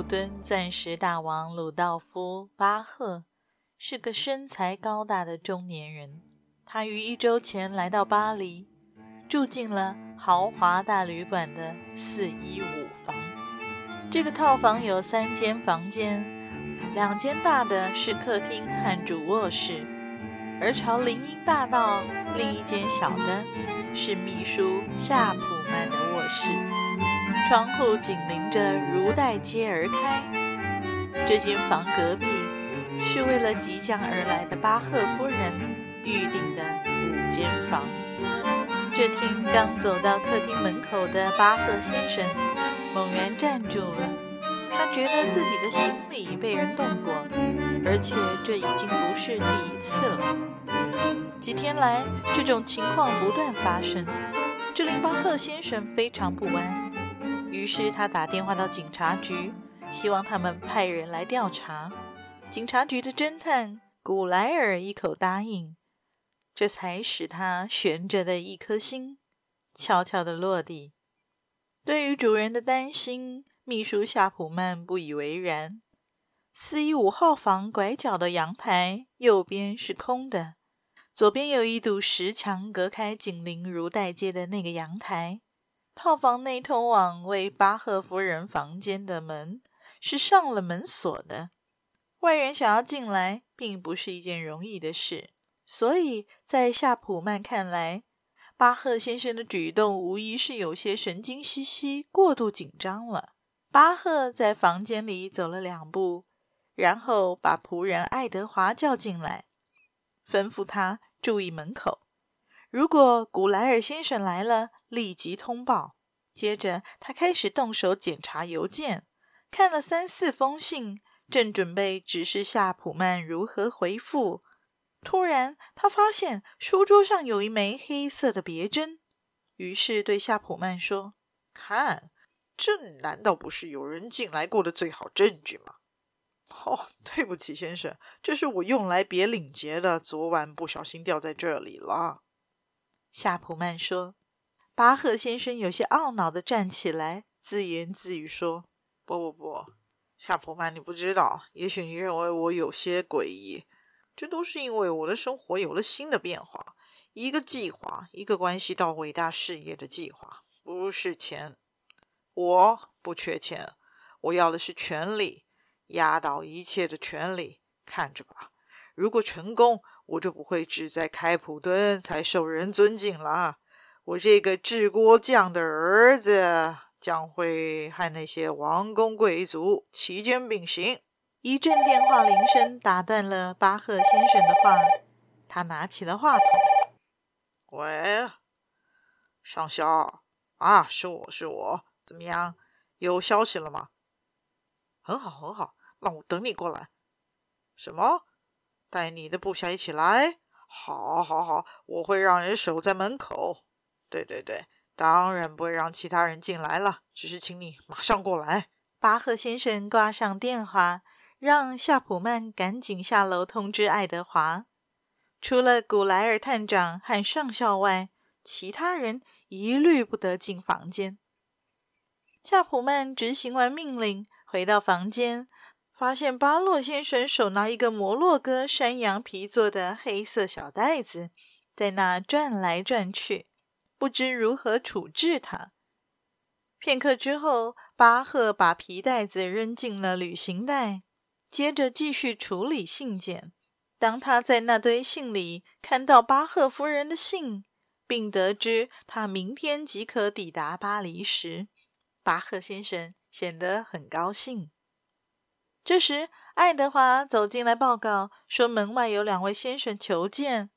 開普敦鑽石大王魯道夫·巴赫是個身材高大的中年人，他於一周前來到巴黎，住進了豪華大旅館的四一五房。這個套房有三間房間，兩間大的是客廳和主臥室，而朝林蔭大道另一間小的是秘書夏普曼的臥室。窗戶緊鄰着，如待街而開。這間房隔壁是為了即將而來的巴赫夫人預訂的五間房。這天，剛走到客廳門口的巴赫先生猛然站住了，他覺得自己的行李被人動過，而且這已經不是第一次了。幾天來，這種情況不斷發生，這令巴赫先生非常不安。於是他打電話到警察局，希望他們派人來調查。警察局的偵探古萊爾一口答應，這才使他懸着的一顆心悄悄地落地。對於主人的擔心，秘書夏普曼不以為然。四一五號房拐角的陽台右邊是空的，左邊有一堵石牆隔開，緊鄰如代街的那個陽台。套房內通往為巴赫夫人房間的門是上了門鎖的，外人想要進來並不是一件容易的事。所以在夏普曼看來，巴赫先生的舉動無疑是有些神經兮兮、過度緊張了。巴赫在房間裡走了兩步，然後把僕人愛德華叫進來，吩咐他注意門口。如果古萊爾先生來了，立即通報。接着，他開始動手檢查郵件，看了三四封信，正準備指示夏普曼如何回復，突然他發現書桌上有一枚黑色的別針，於是對夏普曼說：“看，這難道不是有人進來過的最好證據嗎？”“哦，對不起，先生，這是我用來別領結的，昨晚不小心掉在這裡了。”夏普曼說。巴赫先生有些懊惱地站起來，自言自語說：“不不不，夏普曼，你不知道，也許你認為我有些詭異。這都是因為我的生活有了新的變化。一個計劃，一個關係到偉大事業的計劃。不是錢，我不缺錢。我要的是權力，壓倒一切的權力。看着吧，如果成功，我就不會只在開普敦才受人尊敬了。”我這個製鍋匠的兒子將會和那些王公貴族齊肩並行。一陣電話鈴聲打斷了巴赫先生的話，他拿起了話筒：“喂，上校啊，是我是我，怎麼樣？有消息了嗎？很好很好，那我等你過來。什麼？帶你的部下一起來？好，好，好，我會讓人守在門口。”對對對，當然不會讓其他人進來了。只是請你馬上過來。巴赫先生掛上電話，讓夏普曼趕緊下樓通知愛德華。除了古萊爾探長和上校外，其他人一律不得進房間。夏普曼執行完命令，回到房間，發現巴洛先生手拿一個摩洛哥山羊皮做的黑色小袋子，在那轉來轉去。不知如何處置他。片刻之後，巴赫把皮袋子扔進了旅行袋，接着繼續處理信件。當他在那堆信裡看到巴赫夫人的信，並得知他明天即可抵達巴黎時，巴赫先生顯得很高興。這時，愛德華走進來報告說，門外有兩位先生求見。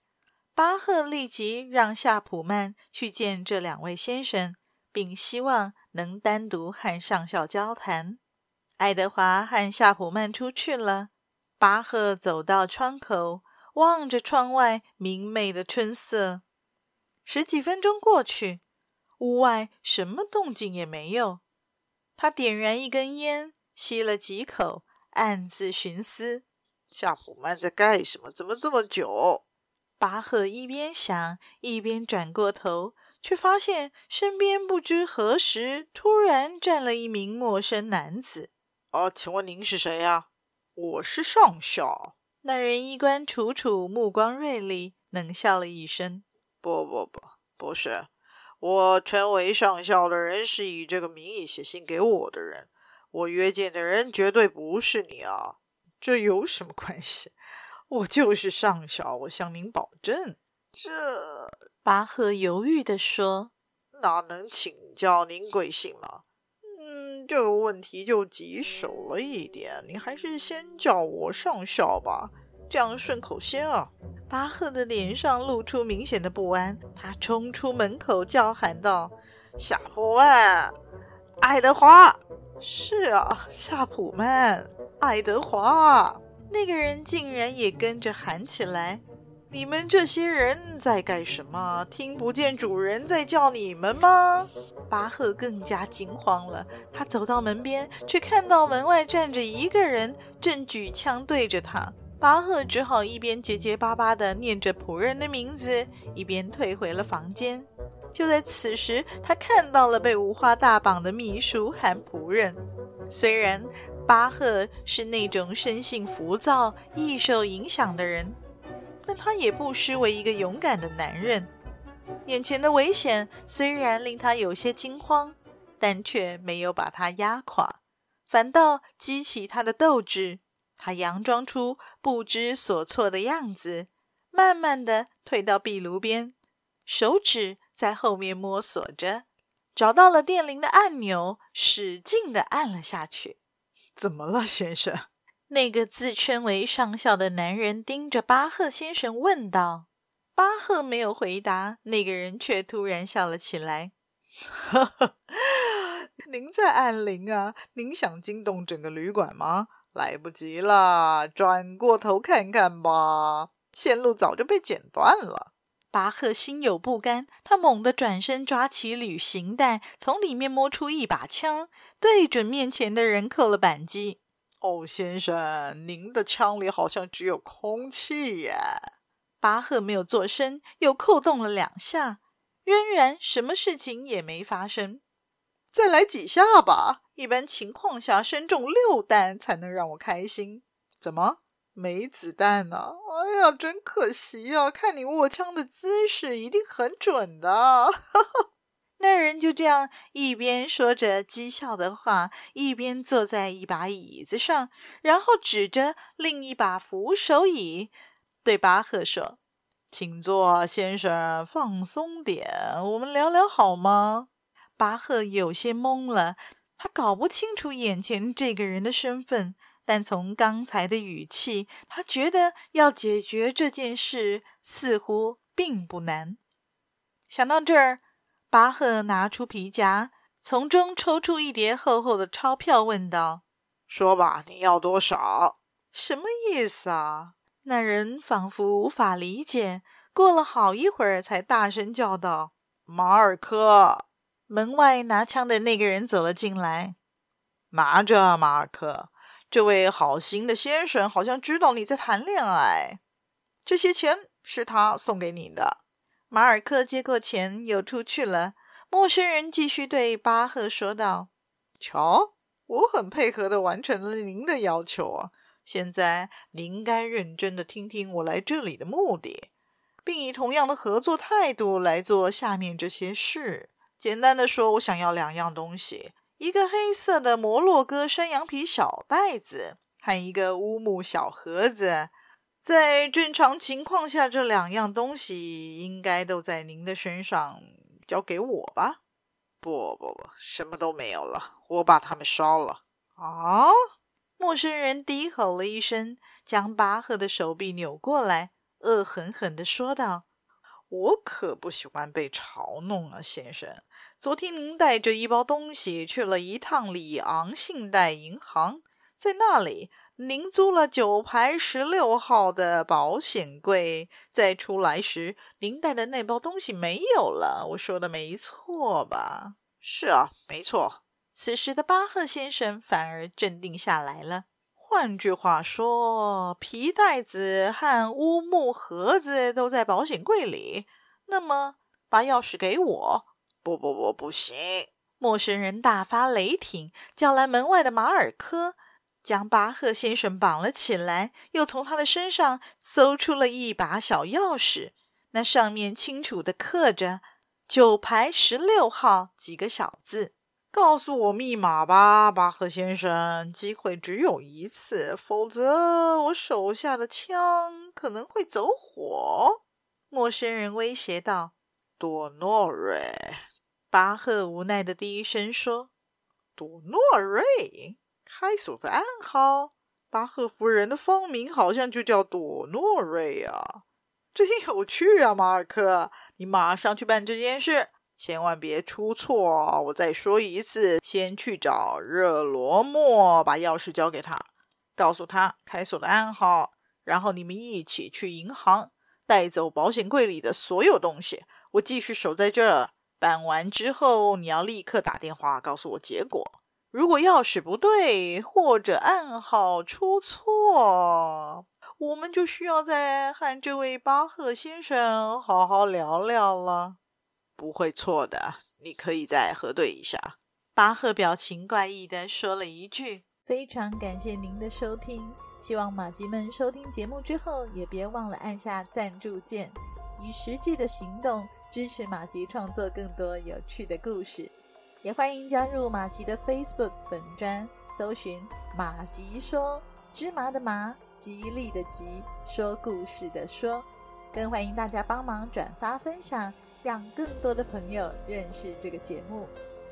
巴赫立即讓夏普曼去見這兩位先生，並希望能單獨和上校交談。愛德華和夏普曼出去了。巴赫走到窗口，望着窗外明媚的春色。十幾分鐘過去，屋外什麼動靜也沒有。他點燃一根煙，吸了幾口，暗自尋思：夏普曼在幹什麼？怎麼這麼久？巴赫一邊想，一邊轉過頭，卻發現身邊不知何時突然站了一名陌生男子。“哦，請問您是誰呀、啊？”“我是上校。”那人衣冠楚楚，目光銳利，冷笑了一聲。“不，不，不，不，不是。我成為上校的人是以這個名義寫信給我的人。我約見的人絕對不是你啊，這有什麼關係？”我就是上校，我向您保證。這”這巴赫猶豫地說，“哪能請教您貴姓嗎？”嗯，這個問題就棘手了一點，你還是先叫我上校吧，這樣順口些啊。”巴赫的臉上露出明顯的不安，他衝出門口叫喊道：“夏普曼，愛德華，是啊，夏普曼，愛德華。”那個人竟然也跟着喊起來：“你們這些人在幹什麼？聽不見主人在叫你們嗎？”巴赫更加驚慌了。他走到門邊，卻看到門外站着一個人，正舉槍對着他。巴赫只好一邊結結巴巴地念着僕人的名字，一邊退回了房間。就在此時，他看到了被五花大綁的秘書和僕人。雖然。巴赫是那種生性浮躁、易受影響的人，但他也不失為一個勇敢的男人。眼前的危險雖然令他有些驚慌，但卻沒有把他壓垮，反倒激起他的鬥志。他佯裝出不知所措的樣子，慢慢的退到壁爐邊，手指在後面摸索着，找到了電鈴的按鈕，使勁地按了下去。怎麼了，先生？那個自稱為上校的男人盯着巴赫先生問道。巴赫沒有回答，那個人卻突然笑了起來：“呵呵。您在按鈴啊？您想驚動整個旅館嗎？來不及了，轉過頭看看吧，線路早就被剪斷了。”巴赫心有不甘，他猛地轉身，抓起旅行袋，從裡面摸出一把槍，對準面前的人扣了扳機。哦，先生，您的槍裡好像只有空氣呀！巴赫沒有做聲，又扣動了兩下，仍然什麼事情也沒發生。再來幾下吧，一般情況下，身中六彈才能讓我開心。怎麼？沒子彈呢，啊，哎呀，真可惜啊！看你握槍的姿勢，一定很準的。 那人就這樣一邊說着譏笑的話，一邊坐在一把椅子上，然後指着另一把扶手椅對巴赫說：“請坐，先生，放鬆點，我們聊聊好嗎？”巴赫有些懵了，他搞不清楚眼前這個人的身份。但從剛才的語氣，他覺得要解決這件事似乎並不難。想到這兒，巴赫拿出皮夾，從中抽出一疊厚厚的鈔票，問道：“說吧，你要多少？”“什麼意思啊？”那人仿佛無法理解，過了好一會兒，才大聲叫道：“馬爾科！”門外拿槍的那個人走了進來，拿着馬爾科。這位好心的先生好像知道你在談戀愛。這些錢是他送給你的。馬爾克接過錢，又出去了。陌生人繼續對巴赫說道：“瞧，我很配合地完成了您的要求啊。現在您該認真地聽聽我來這裡的目的，並以同樣的合作態度來做下面這些事。簡單地說，我想要兩樣東西。”一個黑色的摩洛哥山羊皮小袋子和一個烏木小盒子，在正常情況下，這兩樣東西應該都在您的身上。交給我吧。不不不，什麼都沒有了，我把它們燒了。啊！陌生人低吼了一聲，將巴赫的手臂扭過來，惡狠狠地說道：“我可不喜歡被嘲弄啊，先生。”昨天您帶着一包東西去了一趟里昂信貸銀行，在那裡您租了九排十六號的保險櫃。再出來時，您帶的那包東西沒有了。我說的沒錯吧？是啊，沒錯。此時的巴赫先生反而鎮定下來了。換句話說，皮袋子和烏木盒子都在保險櫃裡。那麼，把鑰匙給我。不不不，不行！陌生人大發雷霆，叫來門外的馬爾科，將巴赫先生綁了起來，又從他的身上搜出了一把小鑰匙，那上面清楚地刻着“九排十六號”幾個小字。“告訴我密碼吧，巴赫先生，機會只有一次，否則我手下的槍可能會走火。”陌生人威脅道，“多諾瑞。”巴赫無奈地低聲說：“朵諾瑞，開鎖的暗號。巴赫夫人的芳名好像就叫朵諾瑞啊，真有趣啊，馬爾克，你馬上去辦這件事，千萬別出錯，我再說一次，先去找熱羅莫，把鑰匙交給他，告訴他開鎖的暗號，然後你們一起去銀行，帶走保險櫃裡的所有東西。我繼續守在這兒。”辦完之後，你要立刻打電話告訴我結果。如果鑰匙不對或者暗號出錯，我們就需要再和這位巴赫先生好好聊聊了。不會錯的，你可以再核對一下。巴赫表情怪異地說了一句：“非常感謝您的收聽，希望馬吉們收聽節目之後也別忘了按下贊助鍵，以實際的行動。”支持馬吉創作更多有趣的故事，也歡迎加入馬吉的 Facebook 粉專，搜尋“馬吉說，芝麻的麻，吉利的吉，說故事的說”，更歡迎大家幫忙轉發分享，讓更多的朋友認識這個節目。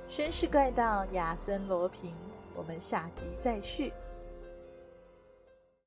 紳士怪盜亞森羅平，我們下集再續。